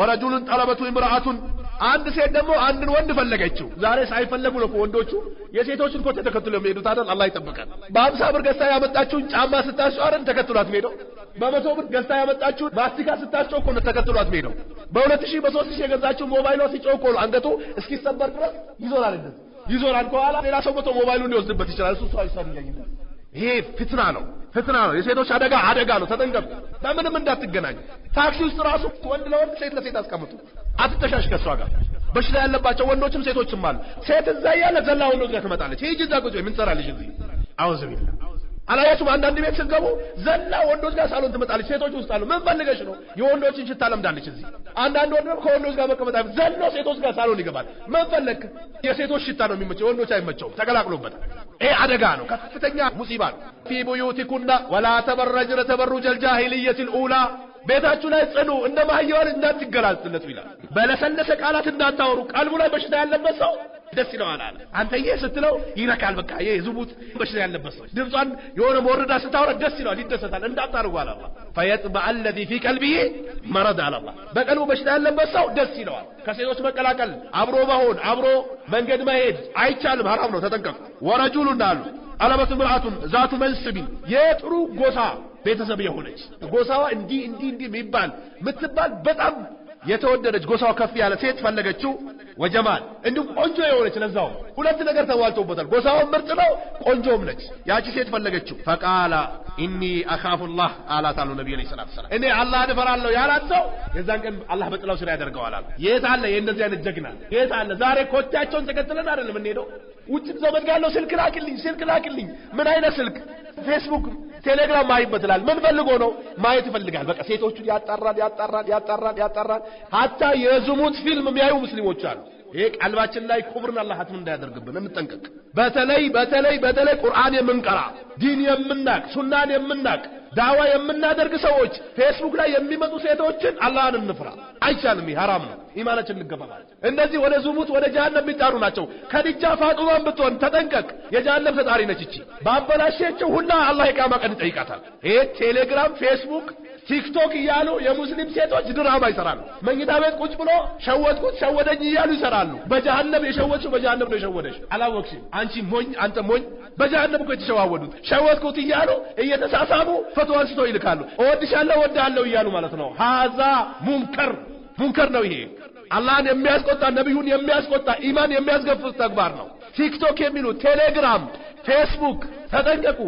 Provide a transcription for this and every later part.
ወረጁሉን ጠለበቱ እምራአቱን አንድ ሴት ደግሞ አንድን ወንድ ፈለገችው። ዛሬ ሳይፈለጉ ነው ወንዶቹ የሴቶችን ኮቴ ተከትሎ የሚሄዱት አይደል? አላህ ይጠብቀን። በሀምሳ ብር ገዝታ ያመጣችሁን ጫማ ስታሸው አይደል ተከትሏት የሚሄደው? በመቶ ብር ገዝታ ያመጣችሁን ማስቲካ ስታሸው እኮ ነው ተከትሏት የሚሄደው። በሁለት ሺህ በሶስት ሺህ የገዛችሁ ሞባይሏ ሲጮህ እኮ ነው አንገቱ እስኪሰበር ድረስ ይዞራል። እንደዚህ ይዞራል። ከኋላ ሌላ ሰው መቶ ሞባይሉን ሊወስድበት ይችላል። እሱ ሰው ይሰር ይሄ ፍትና ነው። ፍትና ነው። የሴቶች አደጋ አደጋ ነው። ተጠንቀቁ። ለምንም እንዳትገናኙ። ታክሲ ውስጥ ራሱ ወንድ ለወንድ ሴት ለሴት አስቀምጡ። አትተሻሽ ከሷ ጋር። በሽታ ያለባቸው ወንዶችም ሴቶችም አሉ። ሴት እዛ እያለ ዘላ ወንዶች ጋር ትመጣለች። ሂጂ እዛ ቁጭ ምን ትሰራለች? እዚህ አውዝ ቢላ አላያችሁም? አንዳንድ ቤት ስትገቡ ዘላ ወንዶች ጋር ሳሎን ትመጣለች። ሴቶች ውስጥ አሉ። ምን ፈልገሽ ነው? የወንዶችን ሽታ ለምዳለች። እዚህ አንዳንድ ወንድም ከወንዶች ጋር መቀመጥ አይፈ ዘሎ ሴቶች ጋር ሳሎን ይገባል። ምን ፈለክ? የሴቶች ሽታ ነው የሚመቸው፣ ወንዶች አይመቸውም። ተቀላቅሎበታል። ይሄ አደጋ ነው፣ ከፍተኛ ሙሲባ ነው። ፊ ቡዩቲኩና ወላ ተበረጅነ ተበሩጀል ጃሂልየቲል ኡላ ቤታችሁ ላይ ጽኑ እንደ ማህየዋን እንዳትገላጽለቱ ይላል። በለሰለሰ ቃላት እንዳታወሩ። ቀልቡ ላይ በሽታ ያለበት ሰው ደስ ይለዋል አለ አንተዬ ስትለው ይነካል በቃ የዝሙት በሽታ ያለበት ድምጿን የሆነ መወረዳ ስታወራ ደስ ይለዋል ይደሰታል እንዳታርጉ አለ አላ ፈየጥበዕ አለዚ ፊ ቀልቢሂ መረድ አለ አላ በቀልቡ በሽታ ያለበት ሰው ደስ ይለዋል ከሴቶች መቀላቀል አብሮ መሆን አብሮ መንገድ መሄድ አይቻልም ሀራም ነው ተጠንቀቁ ወረጁሉ እንዳሉ አለበት ምርአቱን ዛቱ መንስቢን የጥሩ ጎሳ ቤተሰብ የሆነች ጎሳዋ እንዲህ እንዲህ እንዲህ የሚባል የምትባል በጣም የተወደደች ጎሳው ከፍ ያለ ሴት ፈለገችው ወጀማል እንዲሁ ቆንጆ የሆነች ለዛው ሁለት ነገር ተዋልቶበታል። ጎሳውን ምርጥ ነው፣ ቆንጆም ነች። ያቺ ሴት ፈለገችው። ፈቃላ ኢኒ አኻፉላህ አላት አሉ ነቢዩ ዐለይሂ ሰላቱ ወሰላም። እኔ አላህን እፈራለሁ ያላት ሰው የዛን ቀን አላህ በጥላው ስራ ያደርገዋል አሉ። የት አለ የእንደዚህ አይነት ጀግና የት አለ? ዛሬ ኮቻቸውን ተከትለን አይደለም እንሄደው። ውጭ ዘመድ ጋር ጋለው ስልክ ላክልኝ፣ ስልክ ላክልኝ። ምን አይነት ስልክ ፌስቡክ ቴሌግራም ማይበትላል። ምን ፈልጎ ነው? ማየት ይፈልጋል። በቃ ሴቶቹን ያጣራል፣ ያጣራል፣ ያጣራል፣ ያጣራል። ሀታ የዝሙት ፊልም የሚያዩ ሙስሊሞች አሉ። ይሄ ቀልባችን ላይ ኩብርን አላህ ሀትም እንዳያደርግብን እንጠንቀቅ። በተለይ በተለይ በተለይ ቁርአን የምንቀራ ዲን የምናቅ ሱናን የምናቅ ዳዋ የምናደርግ ሰዎች ፌስቡክ ላይ የሚመጡ ሴቶችን አላህን እንፍራ። አይቻልም። ሐራም ነው። ኢማናችን እንገባባል። እነዚህ ወደ ዙሙት ወደ ጀሃነም የሚጣሩ ናቸው። ከድጃ ፋጡማን ብትሆን ተጠንቀቅ። የጀሃነም ተጣሪ ነች እቺ። ባበላሸችው ሁላ አላህ የቂያማ ቀን ይጠይቃታል። ይሄ ቴሌግራም፣ ፌስቡክ ቲክቶክ እያሉ የሙስሊም ሴቶች ድራማ ይሰራሉ። መኝታ ቤት ቁጭ ብሎ ሸወጥኩት ሸወደኝ እያሉ ይሰራሉ። በጀሃነም የሸወችው በጀሃነም ነው የሸወደሽ። አላወቅሽም አንቺ ሞኝ፣ አንተ ሞኝ። በጀሃነም እኮ የተሸዋወዱት ሸወጥኩት እያሉ እየተሳሳሙ ፎቶ አንስቶ ይልካሉ። እወድሻለሁ እወድሃለሁ እያሉ ማለት ነው። ሀዛ ሙንከር ሙንከር ነው ይሄ አላህን የሚያስቆጣ ነቢዩን የሚያስቆጣ ኢማን የሚያስገፍት ተግባር ነው። ቲክቶክ የሚሉት ቴሌግራም፣ ፌስቡክ ተጠንቀቁ።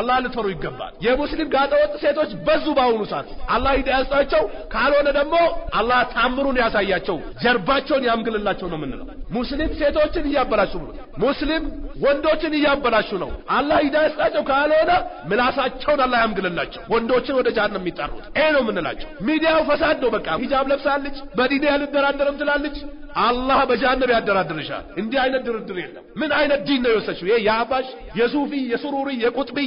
አላህ ልትፈሩ ይገባል። የሙስሊም ጋጠወጥ ሴቶች በዙ በአሁኑ ሰዓት። አላህ ሂዳ ያስጣቸው፣ ካልሆነ ደግሞ አላህ ታምሩን ያሳያቸው፣ ጀርባቸውን ያምግልላቸው ነው የምንለው። ሙስሊም ሴቶችን እያበላሹ ነው። ሙስሊም ወንዶችን እያበላሹ ነው። አላህ ሂዳያ ይስጣቸው። ካልሆነ ምላሳቸውን አላህ ያምግልላቸው። ወንዶችን ወደ ጀሃነም የሚጣሩት ይሄ ነው የምንላቸው። ሚዲያው ፈሳድ ነው። በቃ ሂጃብ ለብሳለች፣ በዲኔ አልደራደርም ትላለች። አላህ በጀሃነም ያደራድርሻል። እንዲህ አይነት ድርድር የለም። ምን አይነት ዲን ነው የወሰድሽው? ይሄ የአባሽ የሱፊ የሱሩሪ የቁጥቢ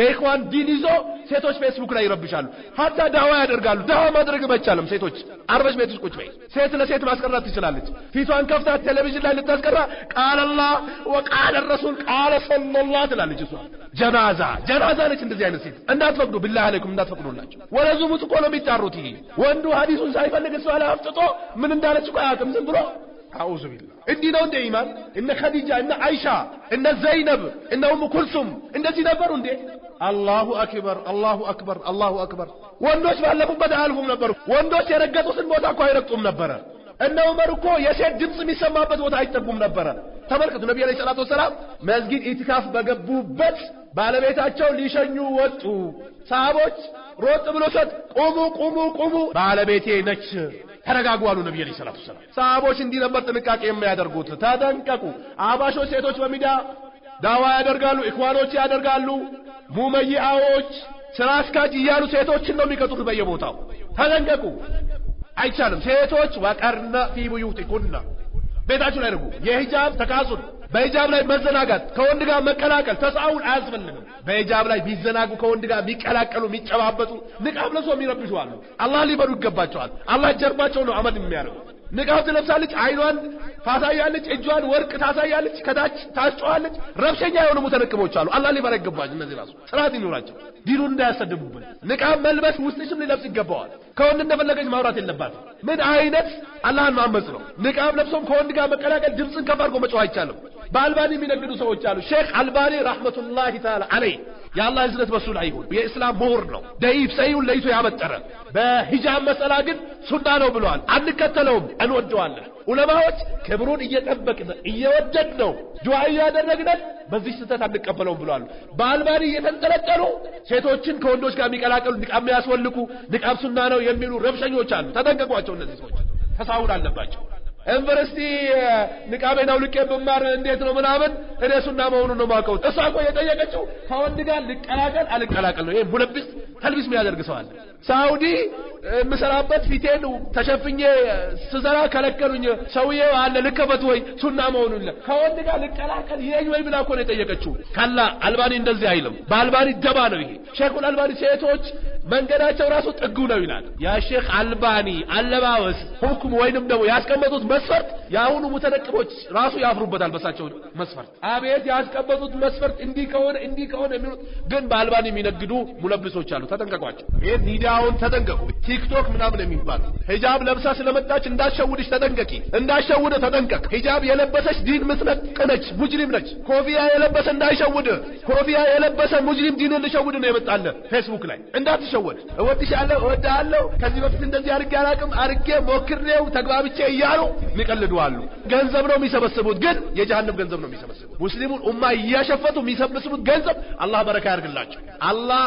የኢኽዋን ዲን ይዞ ሴቶች ፌስቡክ ላይ ይረብሻሉ። ሀዳ ዳዋ ያደርጋሉ። ዳዋ ማድረግ አይቻልም። ሴቶች አርበሽ ቤት ውስጥ ቁጭ በይ። ሴት ለሴት ማስቀራት ትችላለች። ፊቷን ከፍታ ቴሌቪዥን ላይ ልታስቀራ ቃል አላህ ወቃል ረሱል ቃለ ሰለላህ ትላለች። እሷ ጀናዛ ጀናዛ ነች። እንደዚህ አይነት ሴት እንዳትፈቅዱ፣ ብላህ አለይኩም እንዳትፈቅዱላቸው። ወደዙ ሙት እኮ ነው የሚጣሩት። ይሄ ወንዱ ሀዲሱን ሳይፈልግ እሷ ላይ አፍጥጦ ምን እንዳለች እኮ አያውቅም። ዝም ብሎ አዑዙ ቢላህ እንዲህ ነው እንደ ኢማን እነ ኸዲጃ እነ አይሻ እነ ዘይነብ እነ ኡሙ ኩልሱም እንደዚህ ነበሩ እንዴ? አላሁ አክበር አላሁ አክበር አላሁ አክበር። ወንዶች ባለፉበት አያልፉም ነበሩ። ወንዶች የረገጡትን ቦታ እኮ አይረግጡም ነበረ። እነ ዑመር እኮ የሴት ድምፅ የሚሰማበት ቦታ አይጠጉም ነበረ። ተመልከቱ፣ ነቢ ዓለይሂ ሰላቱ ወሰላም መስጊድ ኢትካፍ በገቡበት ባለቤታቸው ሊሸኙ ወጡ። ሰሃቦች ሮጥ ብሎ ሰጥ ቁሙ ቁሙ ቁሙ፣ ባለቤቴ ነች ተረጋጉ አሉ ነብዩ ሰለላሁ ዐለይሂ ወሰለም። ሰሃቦች እንዲህ ነበር ጥንቃቄ የሚያደርጉት። ተጠንቀቁ። አባሾች ሴቶች በሚዲያ ዳዋ ያደርጋሉ፣ ኢኽዋኖች ያደርጋሉ። ሙመይአዎች ስራ አስካጅ እያሉ ሴቶችን ነው የሚቀጥሩት በየቦታው። ተጠንቀቁ፣ አይቻልም። ሴቶች ወቀርና ፊ ቡዩቲኩና ቤታችሁ ላይ አድርጉ። የሂጃብ ተካሱን በሂጃብ ላይ መዘናጋት፣ ከወንድ ጋር መቀላቀል ተሳውን አያስፈልግም። በሂጃብ ላይ ቢዘናጉ ከወንድ ጋር የሚቀላቀሉ የሚጨባበጡ፣ ንቃብ ለብሰው የሚረብሹ አሉ። አላህ ሊበሩ ይገባቸዋል። አላህ ጀርባቸው ነው አመድ የሚያደርጉ ንቃብ ትለብሳለች፣ አይኗን ታሳያለች፣ እጇን ወርቅ ታሳያለች፣ ከታች ታስጨዋለች። ረብሸኛ የሆኑ ሙተረክቦች አሉ። አላህ ሊፈራ ይገባል። እነዚህ ራሱ ስርዓት ይኖራቸው፣ ዲኑን እንዳያሰድቡብን። ንቃብ መልበስ ውስጥሽም ሊለብስ ይገባዋል። ከወንድ እንደፈለገች ማውራት የለባትም። ምን አይነት አላህን ማመጽ ነው? ንቃብ ለብሶም ከወንድ ጋር መቀላቀል ድምፅን ከፍ አድርጎ መጮህ አይቻልም። በአልባኒ የሚነግዱ ሰዎች አሉ። ሼክ አልባኒ ረህመቱላሂ ተዓላ አለይ የአላ እዝነት በሱ ላይ ይሁን። የእስላም ምሁር ነው። ደይፍ ሰይሁን ለይቶ ያበጠረ። በሂጃብ መሰላ ግን ሱና ነው ብለዋል። አንከተለውም፣ እንወደዋለን። ዑለማዎች ክብሩን እየጠበቅን እየወደድ ነው ዱዓ እያደረግነን በዚህ ስህተት አንቀበለውም ብለዋል። በአልባኒ እየተንጠለጠሉ ሴቶችን ከወንዶች ጋር የሚቀላቀሉ ንቃብ የሚያስወልቁ ንቃብ ሱና ነው የሚሉ ረብሸኞች አሉ። ተጠንቀቋቸው። እነዚህ ሰዎች ተሳሁን አለባቸው። ዩኒቨርሲቲ ንቃቤን አውልቄ ብማር እንዴት ነው ምናምን እኔ ሱና መሆኑን ነው ማውቀው። እሷ እኮ የጠየቀችው ከወንድ ጋር ልቀላቀል አልቀላቀል ነው። ይሄ ሙለብስ ተልቢስ የሚያደርግ ሰው አለ። ሳውዲ የምሰራበት ፊቴን ተሸፍኜ ስዘራ ከለከሉኝ። ሰውዬው አለ ልከፈት ወይ ሱና መሆኑን ከወንድ ጋር ልቀላቀል ይሄኝ ወይ ብላ እኮ ነው የጠየቀችው። ካላ አልባኒ እንደዚህ አይልም። በአልባኒ ደባ ነው ይሄ ሼኩል አልባኒ ሴቶች መንገዳቸው ራሱ ጥጉ ነው ይላል። የሼክ አልባኒ አለባበስ ሁክም ወይንም ደግሞ ያስቀመጡት መስፈርት የአሁኑ ሙተነቅቦች ራሱ ያፍሩበታል። በሳቸው መስፈርት አቤት ያስቀመጡት መስፈርት እንዲህ ከሆነ እንዲህ ከሆነ የሚሉት ግን በአልባኒ የሚነግዱ ሙለብሶች አሉ። ተጠንቀቋቸው። ይህ ሚዲያውን ተጠንቀቁ። ቲክቶክ ምናምን የሚባል ሂጃብ ለብሳ ስለመጣች እንዳሸውድሽ ተጠንቀቂ፣ እንዳሸውድ ተጠንቀቅ። ሂጃብ የለበሰች ዲን ምትነቅ ነች፣ ሙጅሪም ነች። ኮፊያ የለበሰ እንዳይሸውድ፣ ኮፊያ የለበሰ ሙጅሪም ዲንን ልሸውድ ነው የመጣለ ፌስቡክ ላይ እንዳትሸ መሸወድ። እወድሻለሁ፣ እወድሃለሁ፣ ከዚህ በፊት እንደዚህ አድርጌ አላቅም፣ አድርጌ ሞክሬው ተግባብቼ እያሉ የሚቀልዱ አሉ። ገንዘብ ነው የሚሰበስቡት፣ ግን የጀሃነም ገንዘብ ነው የሚሰበስቡት። ሙስሊሙን ኡማ እያሸፈቱ የሚሰበስቡት ገንዘብ አላህ በረካ ያርግላቸው፣ አላህ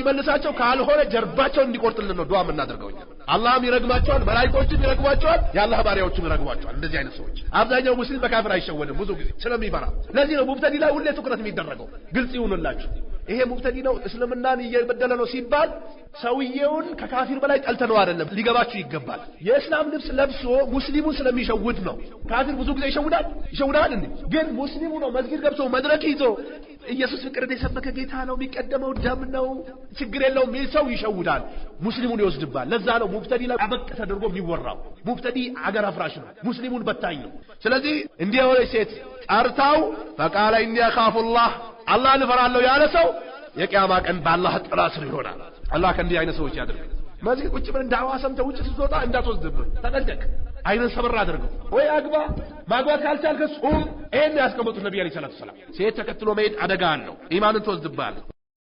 ይመልሳቸው። ካልሆነ ጀርባቸውን እንዲቆርጥልን ነው ዱዓ የምናደርገው። አላህም ይረግማቸዋል፣ መላእክቶችም ይረግማቸዋል፣ የአላህ ባሪያዎችም ይረግማቸዋል። እንደዚህ አይነት ሰዎች አብዛኛው ሙስሊም በካፍር አይሸወድም ብዙ ጊዜ ስለሚፈራ። ለዚህ ነው ሙብተዲ ላይ ሁሌ ትኩረት የሚደረገው። ግልጽ ይሁንላችሁ፣ ይሄ ሙብተዲ ነው እስልምናን እየበደለ ነው ሲባል ሰውየውን ከካፊር በላይ ነው አይደለም። ሊገባችሁ ይገባል። የእስላም ልብስ ለብሶ ሙስሊሙን ስለሚሸውድ ነው። ካፊር ብዙ ጊዜ ይሸውዳል፣ ይሸውዳል። ግን ሙስሊሙ ነው መስጊድ ገብቶ መድረክ ይዞ ኢየሱስ ፍቅርን የሰበከ ጌታ ነው፣ የሚቀደመው ደም ነው፣ ችግር የለውም ይህ ሰው ይሸውዳል፣ ሙስሊሙን ይወስድባል። ለዛ ነው ሙብተዲ አበቅ ተደርጎ የሚወራው። ሙብተዲ አገር አፍራሽ ነው፣ ሙስሊሙን በታኝ ነው። ስለዚህ እንዲህ የሆነች ሴት ጠርታው ፈቃለ ኢኒ አኻፉላህ አላህን እፈራለሁ ያለ ሰው የቅያማ ቀን በአላህ ጥላ ስር ይሆናል። አላህ ከእንዲህ አይነት ሰዎች ያደርጋል። በዚህ ቁጭ ብለን ዳዋ ሰምተህ ውጭ ስትወጣ እንዳትወስድብህ ተጠንቀቅ። አይነን ሰበር አድርገው ወይ አግባ። ማግባት ካልቻልክ ጹም። ይሄን ያስቀመጡት ነብይ አለይሂ ሰላቱ ሰላም ሴት ተከትሎ መሄድ አደጋ አለው፣ ኢማንን ትወስድብሃለህ።